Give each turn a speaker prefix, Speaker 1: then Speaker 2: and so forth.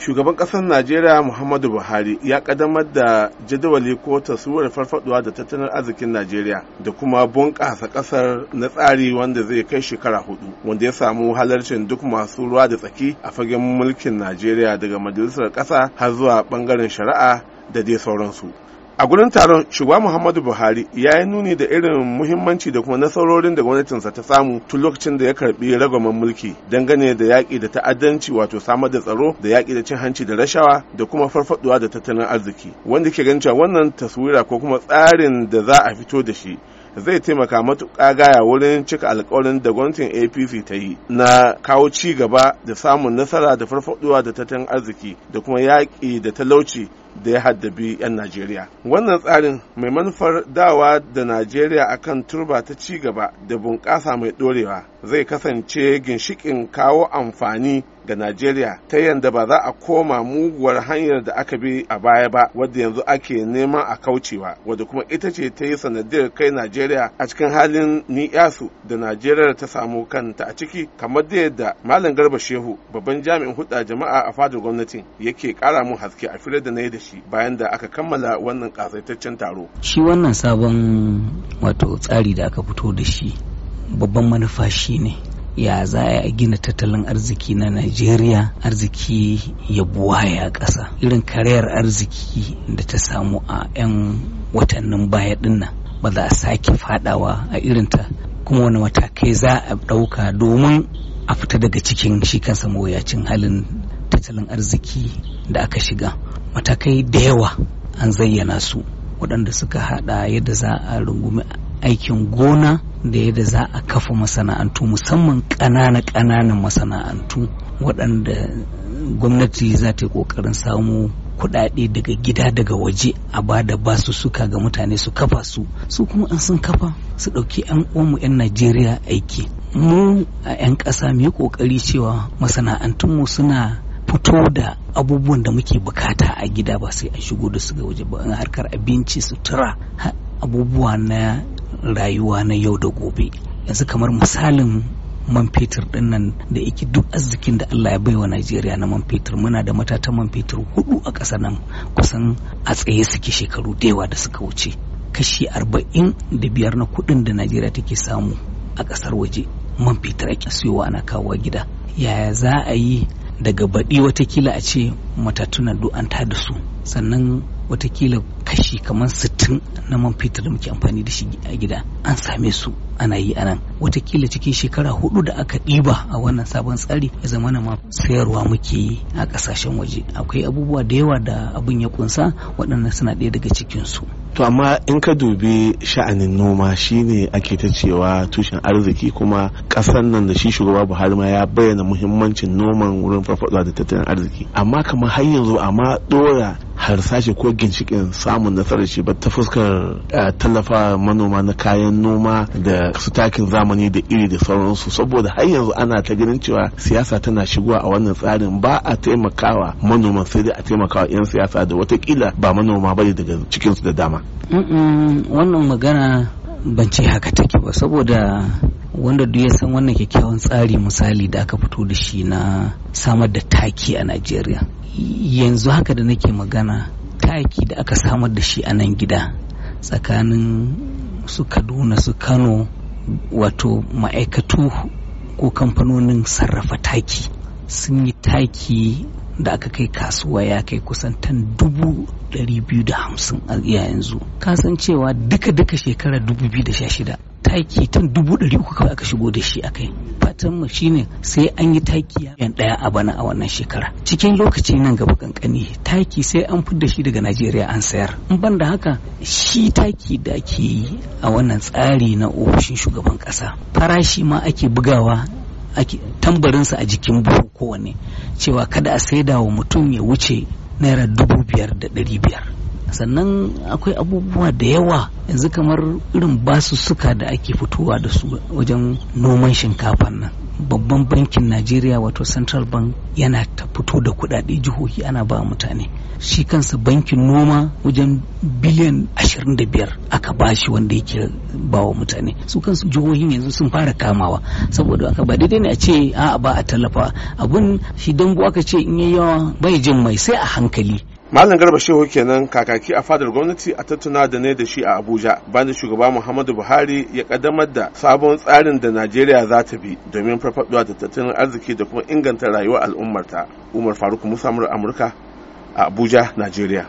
Speaker 1: shugaban ƙasar najeriya muhammadu buhari ya ƙaddamar da jadawali ko taswirar farfaduwa da tattalin arzikin najeriya da kuma bunƙasa ƙasar na tsari wanda zai kai shekara hudu wanda ya samu halarcin duk masu ruwa da tsaki a fagen mulkin najeriya daga majalisar ƙasa har zuwa ɓangaren shari'a da dai sauransu a gurin taron shugaba muhammadu buhari ya yi nuni da irin muhimmanci da kuma nasarorin da gwamnatinsa ta samu tun lokacin da ya karbi ragamar mulki dangane da yaƙi da ta'addanci wato samar da tsaro da yaƙi da cin hanci da rashawa da kuma farfaduwa da tattalin arziki wanda ke ganin cewa wannan taswira ko kuma tsarin da za a fito da shi zai taimaka matuƙa gaya wurin cika alƙawarin da gwamnatin apc ta yi na kawo ci gaba da samun nasara da farfaduwa da tattalin arziki da kuma yaƙi da talauci da ya haddabi 'yan Najeriya. Wannan tsarin mai manufar dawa da Najeriya akan turba ta ci gaba da bunƙasa mai ɗorewa zai kasance ginshikin kawo amfani ga Najeriya ta yadda ba za a koma muguwar hanyar da aka bi a baya ba wadda yanzu ake nema a kaucewa wadda kuma ita ce ta yi sanadiyar kai Najeriya a cikin halin ni yasu da Najeriya ta samu kanta a ciki kamar da yadda Malam Garba Shehu babban jami'in hudda jama'a a fadar gwamnati yake kara mu haske a filar da na yi da shi bayan da aka kammala wannan kasaitaccen taro
Speaker 2: shi wannan sabon wato tsari da aka fito da shi babban manufa shi ne ya za a gina tattalin arziki na Najeriya arziki ya buwaya ƙasa irin karayar arziki da ta samu a 'yan watannin baya dinnan ba za a sake fadawa a irinta kuma wani matakai za a ɗauka domin a fita daga cikin shi kansa mawuyacin halin tattalin arziki da aka shiga matakai da yawa an zayyana su waɗanda suka haɗa yadda za a rungumi aikin gona da yadda za a kafa masana'antu musamman ƙanana-ƙananan masana'antu waɗanda gwamnati za ta yi ƙoƙarin samu kuɗaɗe daga gida daga waje a ba da basu suka ga mutane su kafa su su kuma an sun kafa su ɗauki 'yan uwanmu 'yan najeriya aiki mu a 'yan ƙasa mu yi ƙoƙari cewa masana'antunmu suna fito da abubuwan da muke bukata a gida ba sai an shigo da su ga waje ba harkar abinci sutura abubuwa na rayuwa na yau da gobe yanzu kamar misalin man fetur din nan da yake duk arzikin da Allah ya bai wa Najeriya na man fetur muna da matatan man fetur hudu a ƙasa nan kusan a tsaye suke shekaru da yawa da suka wuce kashi arba'in da biyar na kuɗin da Najeriya take samu a ƙasar waje man fetur ake siyowa ana kawo gida yaya za a yi daga baɗi watakila a ce matatunan duk ta da su sannan watakila kashi kamar sittin na man fetur da muke amfani da shi a gida an same su ana yi a nan watakila cikin shekara hudu da aka ɗiba a wannan sabon tsari ya zama na ma sayarwa muke yi a ƙasashen waje akwai abubuwa da yawa da abin ya kunsa waɗannan suna ɗaya daga cikin su
Speaker 1: to amma in ka dubi sha'anin noma shine ake ta cewa tushen arziki kuma ƙasar nan da shi shugaba buhari ma ya bayyana muhimmancin noman wurin farfaɗa da tattalin arziki amma kamar har yanzu amma ɗora harsashe ko ginshikin samun nasarar shi ba ta fuskar eh, tallafa manoma na kayan noma da su takin zamani da iri da sauransu saboda har yanzu ana ta ganin cewa siyasa tana shigowa a wannan tsarin ba a taimakawa manoman sai dai a taimakawa 'yan siyasa da watakila ba manoma bane daga cikinsu da dama
Speaker 2: wannan magana ban ce haka take ba saboda wanda duk ya san wannan kyakkyawan tsari misali da aka fito da shi na samar da taki a najeriya yanzu haka da nake magana taki da aka samar da shi a nan gida tsakanin su kaduna su kano wato ma'aikatu ko kamfanonin sarrafa taki sun yi taki da aka kai kasuwa ya kai kusan tan dubu dari biyu da hamsin a yanzu kasancewa duka-duka shekarar dubu biyu da sha shida taki tun dubu ɗari uku kawai aka shigo da shi a kai fatan mu shine sai an yi taki yan ɗaya a bana a wannan shekara cikin lokaci nan gaba kankani taki sai an fi da shi daga najeriya an sayar in ban da haka shi taki da ake yi a wannan tsari na ofishin shugaban ƙasa farashi ma ake bugawa tambarinsa a jikin buhu kowanne cewa kada a saida wa mutum ya wuce naira dubu biyar da ɗari biyar sannan akwai abubuwa da yawa yanzu kamar irin suka da ake fitowa da su wajen noman shinkafan nan babban bankin najeriya wato central bank yana ta fito da kudade jihohi ana ba mutane shi kansa bankin noma wajen biliyan 25 aka ba shi wanda yake ba wa mutane su kansu jihohin yanzu sun fara kamawa saboda aka ba daidai ne a ce a ba a tallafa abun shi dambu aka ce in yawa bai jin mai sai a hankali
Speaker 1: malam garba shehu kenan kakaki a fadar gwamnati a tattuna da ne da shi a abuja bayan shugaba muhammadu buhari ya kaddamar da sabon tsarin da najeriya za ta bi domin farfaɗuwa da tattalin arziki da kuma inganta rayuwar al'ummarta umar faruk musa amurka a abuja najeriya